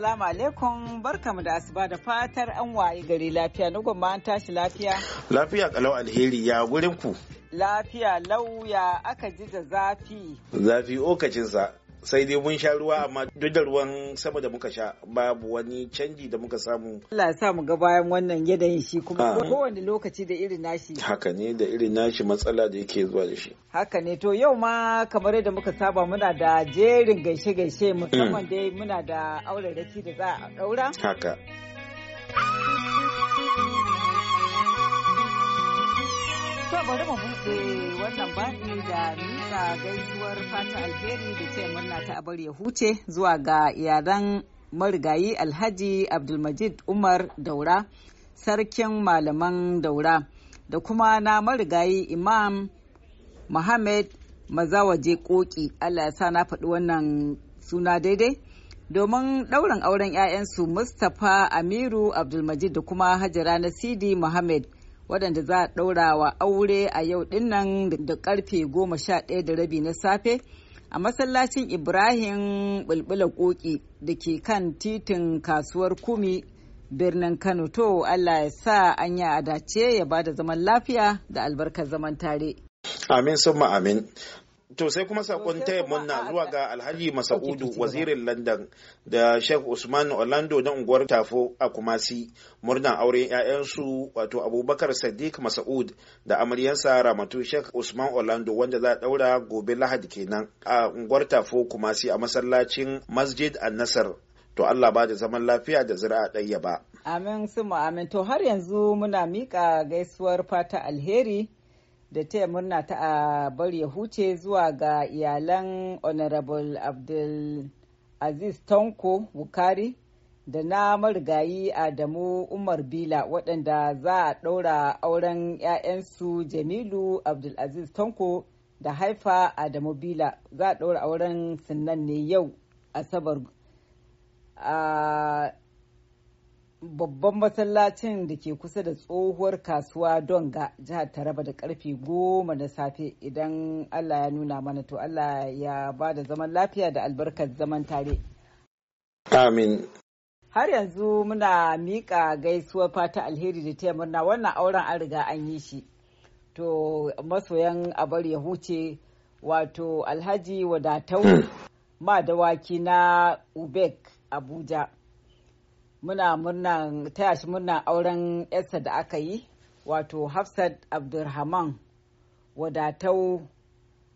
Assalamu alaikum barkamu da asuba da fatar an waye gari lafiya na gwamma an tashi lafiya. Lafiya kalau alheri ya wurin ku. Lafiya lauya aka ji da zafi. Zafi okacinsa. sai dai mun sha ruwa amma duk da ruwan sama da muka sha babu wani canji da muka samu Allah ya sa mu ga bayan wannan yanayin shi kuma kowane lokaci da irin nashi haka ne da irin nashi matsala da yake zuwa da shi haka ne to yau ma kamar yadda muka saba muna da jerin gaishe gaishe musamman mm. dai muna da auraraki da za a daura haka To bari mu buɗe wannan babi da miƙa gaisuwar fata alheri da ce murna ta abar ya huce zuwa ga iyalan marigayi alhaji abdulmajid umar daura sarkin malaman daura da kuma na marigayi imam muhammad mazawaje koki allah ya sa na faɗi wannan suna daidai domin ɗaurin auren 'ya'yansu mustapha amiru abdulmajid da kuma hajara na sidi muhammad waɗanda za a ɗaura wa aure a yau dinnan da karfe goma sha ɗaya da rabi na safe a masallacin ibrahim bulbula koki da ke kan titin kasuwar kumi birnin kano to allah ya sa an yi adace ya ba da zaman lafiya da albarkar zaman tare amin summa amin To sai kuma sakon taya munna zuwa ga Alhaji Masaudu wazirin London da Sheikh Usman Orlando na unguwar Tafo a Kumasi murnan auren 'ya'yansu wato Abubakar Sadiq Masaud da amaryansa Ramatu Sheikh Usman Orlando wanda za a daura gobe Lahadi kenan a unguwar Tafo Kumasi a masallacin Masjid an nasar to Allah ba da zaman lafiya da zira'a ɗaya ba. Amin mu amin to har yanzu muna miƙa gaisuwar fata alheri da taya murna ta a bar ya huce zuwa ga iyalan honorable abdul aziz tanko bukari da na marigayi adamu umar bila waɗanda za a ɗaura auren 'ya'yansu jamilu abdul aziz tanko da haifa adamu bila za a ɗaura auren sunan ne yau asabar babban masallacin da ke kusa da tsohuwar kasuwa don ga, jihar taraba da karfe goma na safe idan allah ya nuna mana to allah ya ba da zaman lafiya da albarkar zaman tare amin har yanzu muna miƙa gaisuwar fata alheri da taya murna wannan auren an riga an yi shi to masoyan abar ya huce wato alhaji wadatau ma dawaki na ubek abuja muna murnan taya shi murnan auren yarsa da aka yi wato hafsat abdulrahman wadatau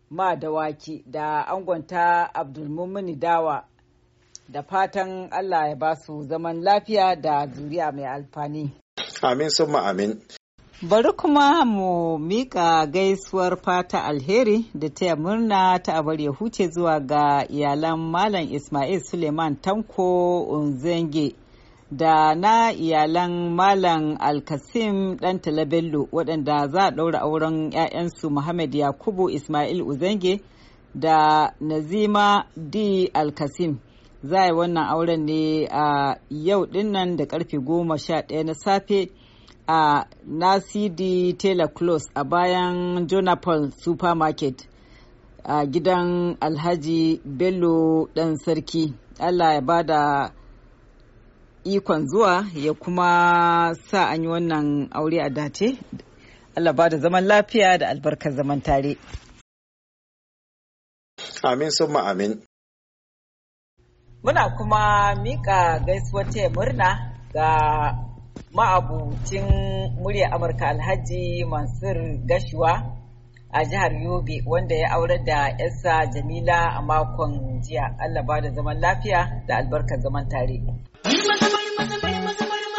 ma dawaki da angonta abdulmumini dawa da fatan allah ya ba su zaman lafiya da zuriya mai alfani amin summa amin bari kuma mu mika gaisuwar fata alheri da taya murna ta abar ya huce zuwa ga iyalan malam ismail suleiman tanko unzenge da na iyalan Malam Alkasim ɗan Talabello waɗanda za a ɗaura auren 'ya'yansu Muhammad Yakubu Ismail Uzenge da Nazima D. Alkasim. Za a yi wannan auren ne a yau dinnan da karfe goma sha ɗaya na safe a Nasidi Taylor Close a bayan Jonapol Supermarket a gidan Alhaji Bello ɗan Sarki. Allah ya bada ikon zuwa ya kuma sa an yi wannan aure a dace Allah ba da zaman lafiya da albarkar zaman tare amin summa amin muna kuma mika gaisuwar ta murna ga ma'abucin murya amurka alhaji mansur gashuwa a jihar yobe wanda ya aurar da yarsa jamila a makon jiya allah ba da zaman lafiya da albarkar zaman tare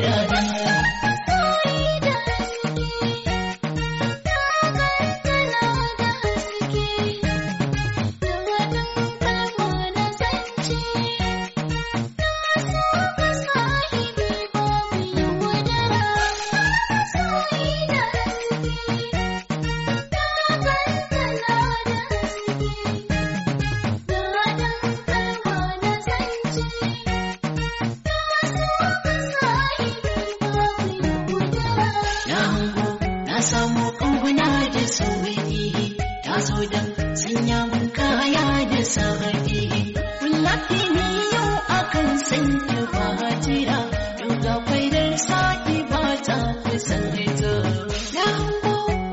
तेरा रंग samu kanguna da sauri ta zo don sanya mun kaya da sarari kullafi ni yau akan sanya fatira yau ga kwaidar sa'i ba ta kusan rito na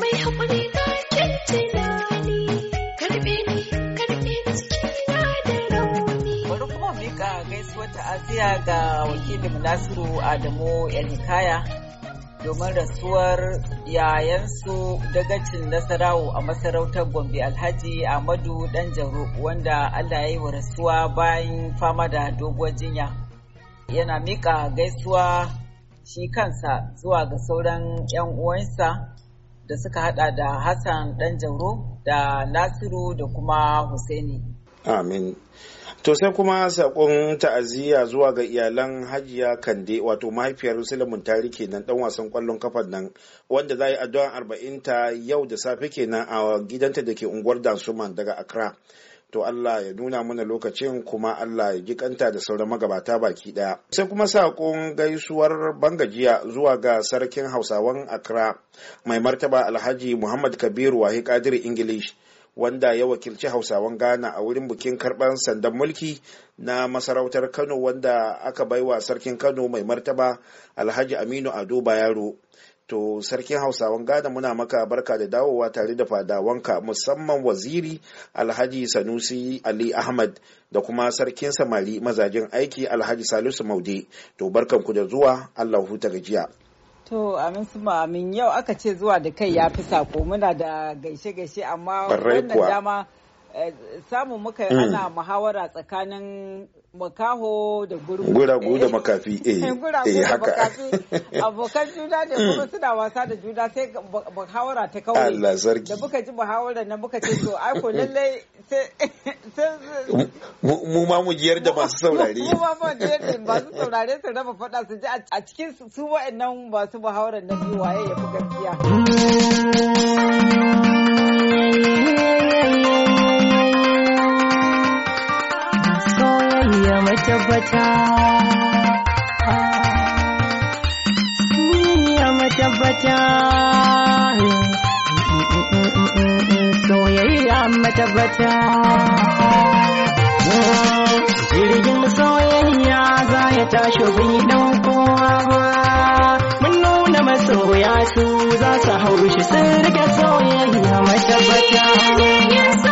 mai haƙuri na kyanci tunani karbe ni karbe na da rauni bari kuma mika gaisuwar ta'aziya ga wakilin nasiru adamu yanikaya domin rasuwar yayansu dagacin nasarawo a masarautar gombe alhaji ahmadu dan jaro wanda allah ya yi wa rasuwa bayan fama da doguwar jinya yana mika gaisuwa shi kansa zuwa ga sauran 'yan uwansa da suka hada da hassan dan jaro da nasiru da kuma husaini amin to sai kuma sakon ta'aziyya zuwa ga iyalan hajiya kande wato mahaifiyar silimin tari kenan dan wasan kwallon kafar nan wanda za yi addu'an arba'in ta yau da safe kenan a gidanta da ke unguwar dansuman daga accra to Allah ya nuna mana lokacin kuma Allah ya ji kanta da sauran magabata baki daya sai kuma sakon gaisuwar bangajiya zuwa ga sarkin hausawan accra mai martaba alhaji muhammad kabiru wahi kadiri english wanda ya wakilci hausawan ghana a wurin bikin karɓar sandan mulki na masarautar kano wanda aka baiwa sarkin kano mai martaba alhaji aminu ado bayaro to sarkin hausawan ghana muna maka barka da dawowa tare da fadawanka musamman waziri alhaji sanusi ali ahmad da kuma sarkin samari mazajen aiki alhaji salisu maude to barkanku da zuwa allah huta gajiya To amin su amin yau aka ce zuwa da kai ya fi sako muna da gaishe-gaishe amma wannan dama samun muka mm. ana muhawara tsakanin makaho da gurgu guragu da makafi eh, eh, eh haka abokan juna da kuma suna wasa da juna sai muhawara ta kawai Allah sarki da muka ji muhawara nan muka ce to ai ko lalle sai mu ma mu jiyar da masu saurare mu ma mu jiyar da masu saurare su raba fada su ji a cikin su wa'annan masu muhawara na waye ya fi gaskiya matabbata duniya matabbata soyayya matabbata jirgin soyayya za ya tashi bai dan kowa ba mun nuna masoya su za su hau shi rike soyayya matabbata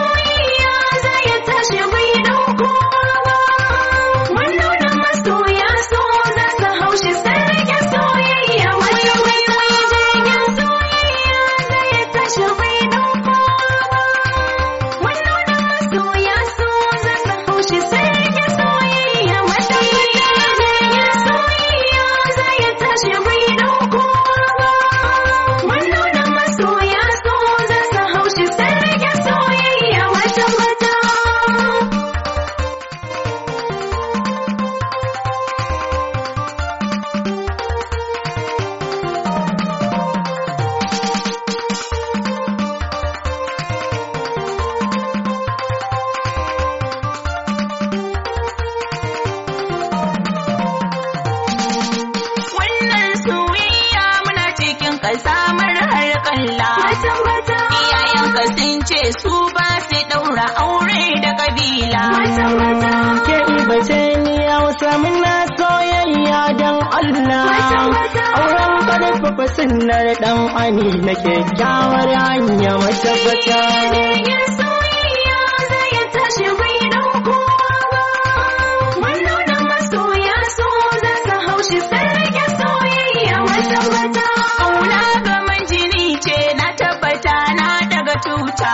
mace ni hausa muna soyayya don Allah auren karfafa sunnar dan ani na kyakkyawar hanya matabbata soyayya zai tashi bai kowa ba wannan masoya so za haushi sai rage soyayya matabbata aula ga majini ce na tabbata na daga cuta.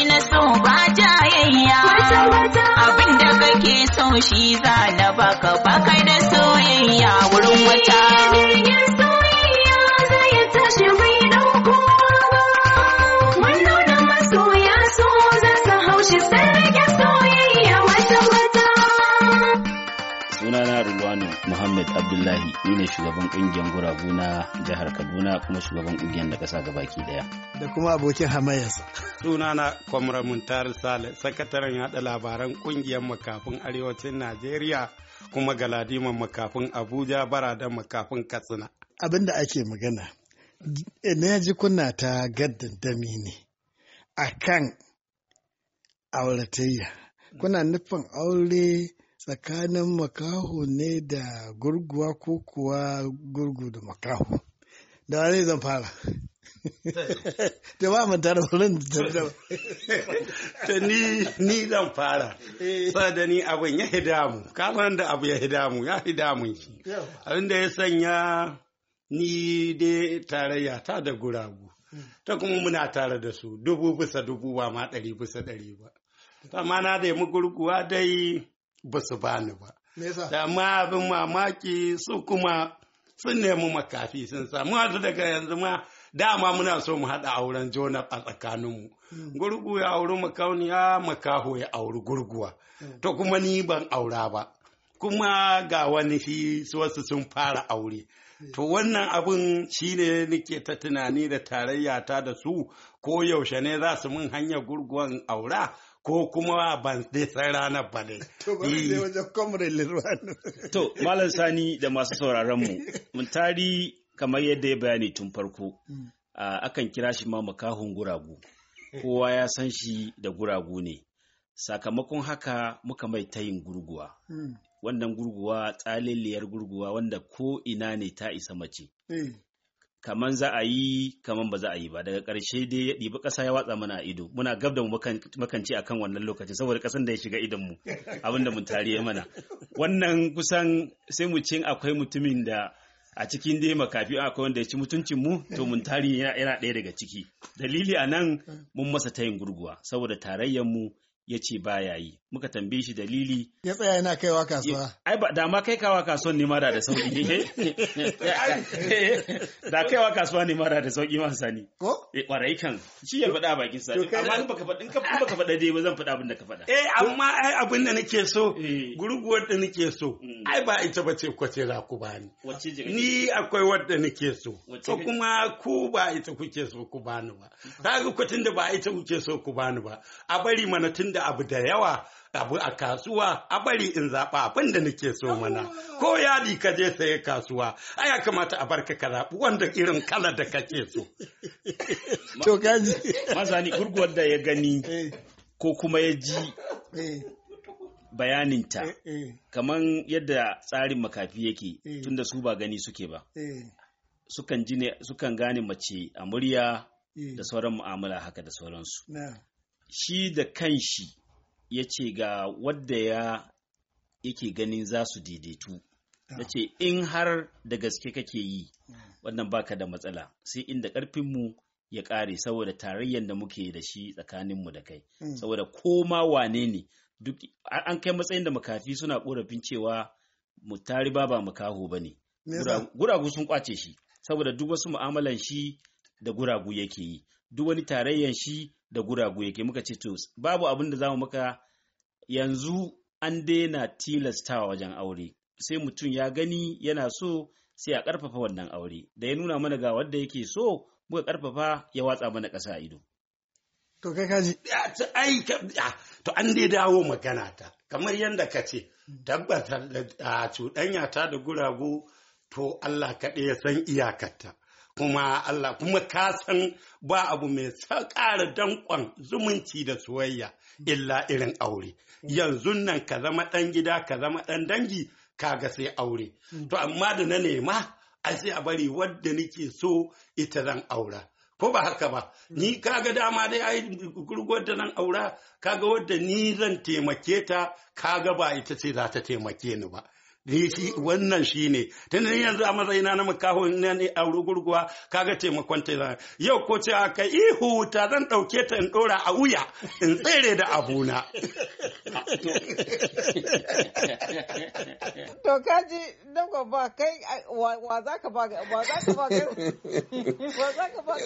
shi za na baka baka da soyayya wurin wata. Muhammad Abdullahi ni ne shugaban kungiyar guragu na jihar Kaduna kuma shugaban kungiyar na ga gabaki daya. Da kuma abokin hamayas Sunana Kwamra Muntar Sale, sakataren yada labaran kungiyar makafin arewacin Najeriya kuma galadiman makafin Abuja bara da makafin Katsina. Abin da ake magana, na ji kunna ta gaddandami ne akan auratayya. Kuna nufin aure tsakanin makaho ne da gurguwa ko kuwa gurgu da makaho da wane zan fara da ba mu tara wurin da ta ni ni zan fara da ni abin ya mu kamar da abu ya mu ya hidamu shi abinda ya sanya ni dai tarayya ta da guragu ta kuma muna tare da su dubu bisa dubu ba ma ɗari bisa ɗari ba ta ma na da yi gurguwa dai ba su bani ba. Da ma abin mamaki su kuma sun nemi makafi sun samu wasu daga yanzu ma dama muna so mu haɗa auren jona a tsakaninmu. Mm. Gurgu ya auri ya makaho ya auri gurguwa. Mm. To kuma ni ban aura ba. Kuma ga wani shi wasu sun fara aure. Mm. To wannan abin shi ne nake ta tunani da tarayya ta da su ko yaushe ne za su min hanyar gurguwan aura ko kuma ban san ranar ba ne. To ba ne eh. wajen kwamre Lirwano. To Malam Sani da masu sauraron mu, mun tari kamar yadda ya bayani tun farko, hmm. akan kira shi ma makahun guragu. Kowa ya san shi da guragu ne. Sakamakon haka muka mai tayin gurguwa. Hmm. Wannan gurguwa tsaliliyar gurguwa wanda ko ina ne ta isa mace. Eh. kaman za a yi kaman ba za a yi ba daga ƙarshe dai ya ɗiba ƙasa ya watsa mana a ido muna gab da mu makanci akan wannan lokacin saboda ƙasan da ya shiga idon mu abin da mun tariye mana wannan kusan sai mu ce akwai mutumin da a cikin dai makafi akwai wanda ya ci mutuncin mu to mun yana ɗaya daga ciki dalili a nan mun masa tayin gurguwa saboda tarayyar mu ya ce ya yi muka tambi shi dalili ya tsaya yana kaiwa kasuwa ai ba da ma kai kawa kasuwan ne ma da da sauki da kaiwa kasuwa ne ma da da sauki ma sani ko eh warai kan shi ya faɗa bakin sa amma in baka faɗa in baka faɗa dai ba zan faɗa abin da ka faɗa eh amma ai abin da nake so eh. gurguwar da nake so hmm. ai ba ita ba ce kwace za ku bani ni akwai wadda nake so ko kuma ku ba ita kuke so ku bani ba kaga kwatin da ba ita kuke so ku bani ba a bari mana tunda da abu da yawa abu a kasuwa a bari in zaɓa abin da nake so mana ko yadi ka je saye kasuwa a ya kamata a bar ka zaɓi wanda irin kala da kake so to gaji masani gurguwar da ya gani eh. ko kuma ya ji eh. bayaninta eh, kamar yadda tsarin makafi yake tun da su ba gani suke ba sukan gane mace a murya da sauran mu'amala haka da sauransu shi da kanshi ya ce ga wadda ya yake ganin za su daidaitu ya ce in har da gaske kake yi hmm. wannan baka da matsala sai inda ƙarfinmu ya ƙare saboda tarayyar da muke da shi tsakaninmu da kai hmm. saboda koma wane ne duk an kai matsayin da makafi suna korafin cewa mutari ba makaho ba ne guragu sun kwace shi saboda duk wasu mu'amalan shi da guragu yake yi duk wani tarayyar shi da guragu yake muka ce to babu abin da zamu maka yanzu an daina tilastawa wajen aure sai mutum ya gani yana so sai a ƙarfafa wannan aure da ya nuna mana ga wanda yake so muka ƙarfafa ya watsa mana ƙasa ido to kai kaji ai to an dai dawo magana ta kamar yadda ka ce tabbatar da cuɗanya ta da guragu to Allah kaɗai ya san iyakarta kuma Allah kuma ka san ba abu mai ƙara danƙon zumunci da soyayya illa irin aure yanzu nan ka zama ɗan gida ka zama ɗan dangi kaga sai aure to amma da na nema a sai a bari wadda nake so ita zan aura ko ba haka ba ni kaga dama dai ai gurguwar da nan aura kaga wadda ni zan taimake ta kaga ba ita ce za ta taimake ni ba Ni shi wannan shi ne, tun yanzu a matsayina na makaho na ne a rugurguwa kaga taimakon ta Yau ko ce aka ihu ta zan ɗauke ta in ɗora a wuya in tsere da abuna. To kaji dago ba kai wa za ka ba wa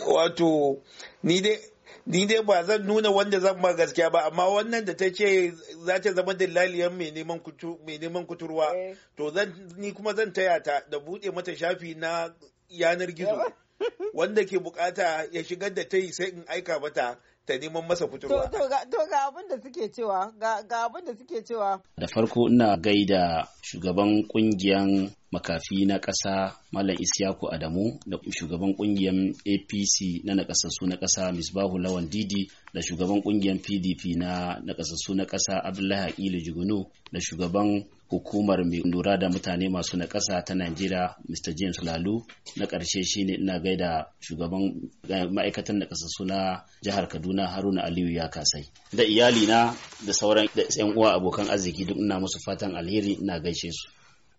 Wato ni dai ni dai ba zan nuna wanda zan ba gaskiya ba amma wannan da ta ce za ta zama dillaliyar mai neman kuturwa eh. to ni kuma zan taya ta da buɗe mata shafi na yanar gizo wanda ke bukata ya shigar da ta yi sai in aika mata ta neman masa kuturwa. To ga abin da suke cewa ga abin da suke cewa. Da farko ina gaida shugaban kungiyan makafi na ƙasa Malam Isiyaku Adamu da shugaban kungiyan APC na nakasassu na ƙasa Misbahu Lawan Didi da shugaban kungiyan PDP na nakasassu na ƙasa Abdullahi Aqilu Jugunu da shugaban hukumar mai lura da mutane masu na ƙasa ta Najeriya Mr. James Lalu na ƙarshe shine ina gaida shugaban eh, ma'aikatan na ƙasa suna jihar Kaduna Haruna Aliyu ya kasai da iyalina da sauran da yan uwa abokan arziki duk ina musu fatan alheri ina gaishe su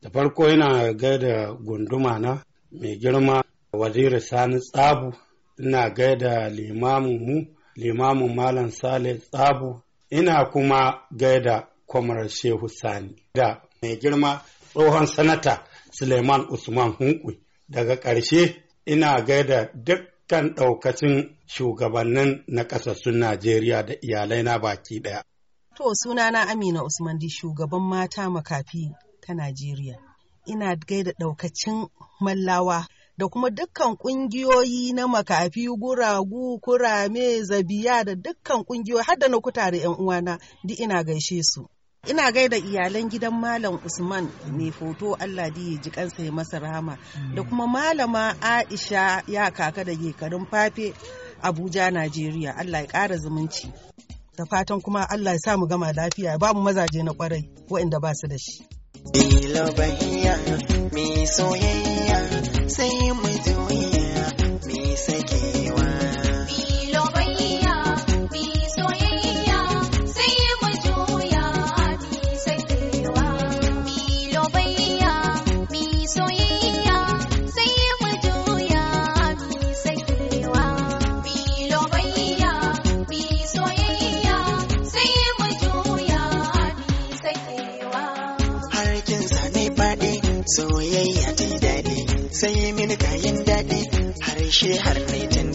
da farko ina gaida gunduma na mai girma waziri Sani Tsabu ina gaida limamin mu limamin Malam Sale Tsabu ina kuma gaida Kwamarar shehu sani da mai girma tsohon sanata suleiman usman hunkwi daga ƙarshe ina gaida dukkan ɗaukacin shugabannin na ƙasassun najeriya da iyalai na baki ɗaya to sunana amina usman di shugaban mata makafi ta najeriya ina gaida ɗaukacin mallawa da kuma dukkan ƙungiyoyi na makafi guragu kurame zabiya da dukkan ƙungiyoyi, har da na kutare yan uwana duk ina gaishe su ina gaida iyalan gidan malam usman mai foto allah ya ji kansa ya masa rama. da kuma malama aisha ya kaka da gekarun fafe abuja najeriya allah ya kara zumunci da fatan kuma allah ya sa mu gama lafiya ba mu mazaje na kwarai wa'inda ba su da shi soyayya sai mu juya sakewa sai mini kayan daɗi harshe har naitin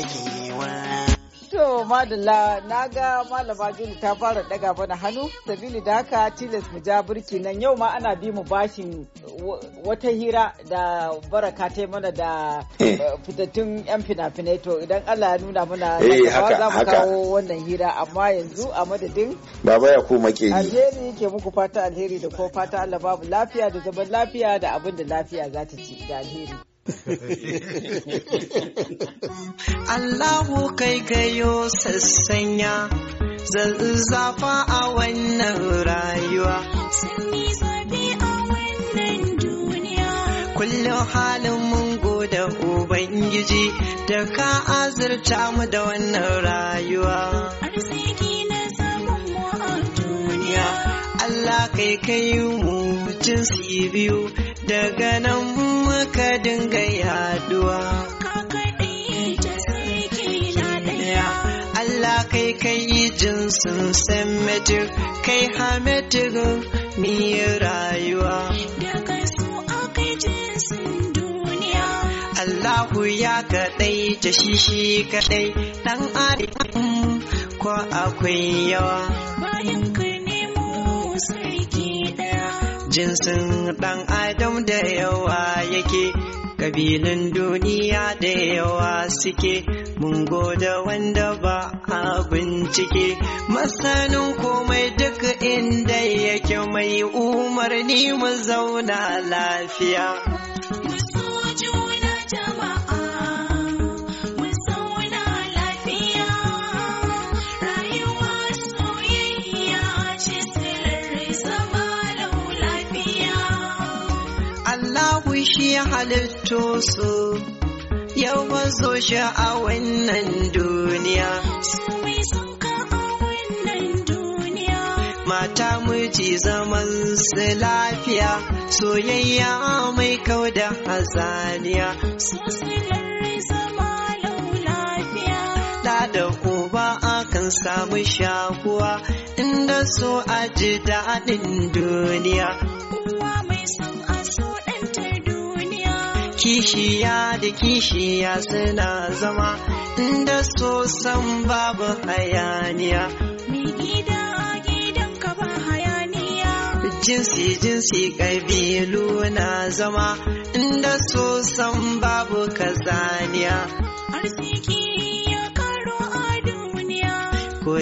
sakewa. To madalla na ga malama Juli ta fara daga mana hannu sabili da haka tilas mu ja birki nan yau ma ana bi mu bashin wata hira da baraka ta mana da eh. Eh, fitattun yan fina-finai to idan Allah ya nuna mana eh, za mu kawo wannan hira amma yanzu a madadin baba ya ko make ni alheri ke muku fata alheri da ko fata Allah babu lafiya da zaman lafiya da abin da lafiya za ta ci da alheri Allahu kai gayo sassanya zazzafa a wannan rayuwa. Kullum halin mun gode Ubangiji da ka azurta mu da wannan rayuwa. Arziki na a duniya. Allah kai kai mu jinsi biyu daga nan muka dinga yaduwa Allah kai kai jinsin semitic kai hamitic ni rayuwa daga su aka jinsin duniya Allahu ya kadai ta shi kaɗai kadai dan adam ko akwai yawa bayan ka nemo sarki jinsin ɗan adam da yawa yake ƙabilun duniya da yawa suke mun goda wanda ba a bincike masanin komai duk inda yake mai umarni mu zauna lafiya ya halitto su ya bazo shi a wannan duniya. mata miji zaman su lafiya soyayya mai kau da hazaniya. da uba akan samu shakuwa inda so a ji daɗin duniya. Uwa mai son kishiya da kishiya suna zama inda so san babu hayaniya jinsi jinsi ƙabilu na zama inda so san babu kazaniya arziki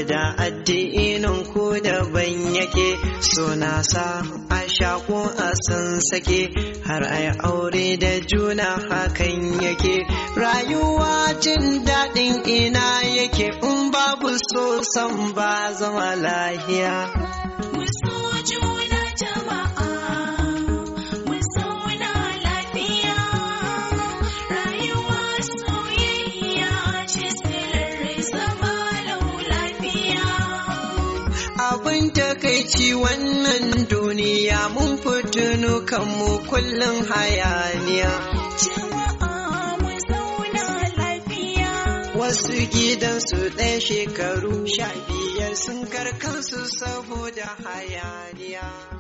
da addinin ku daban yake suna sa a shaku a san sake har ai aure da juna hakan yake rayuwa jin daɗin ina yake in babu so san ba zama lahiya. ci wannan duniya mun fitinu kanmu kullum hayaniya. Wasu gidansu ɗaya shekaru sha biyar sun karkansu saboda hayaniya.